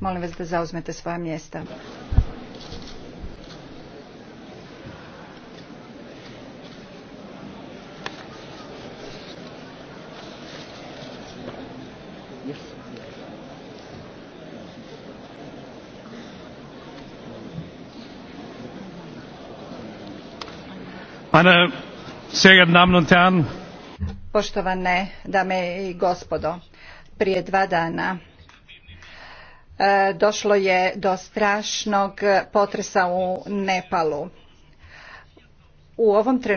Molim vas da zauzmete svoja mjesta. Meine sehr geehrten Poštovane dame i gospodo, prije dva dana E, došlo je do strašnog potresa u Nepalu. U ovom trenutku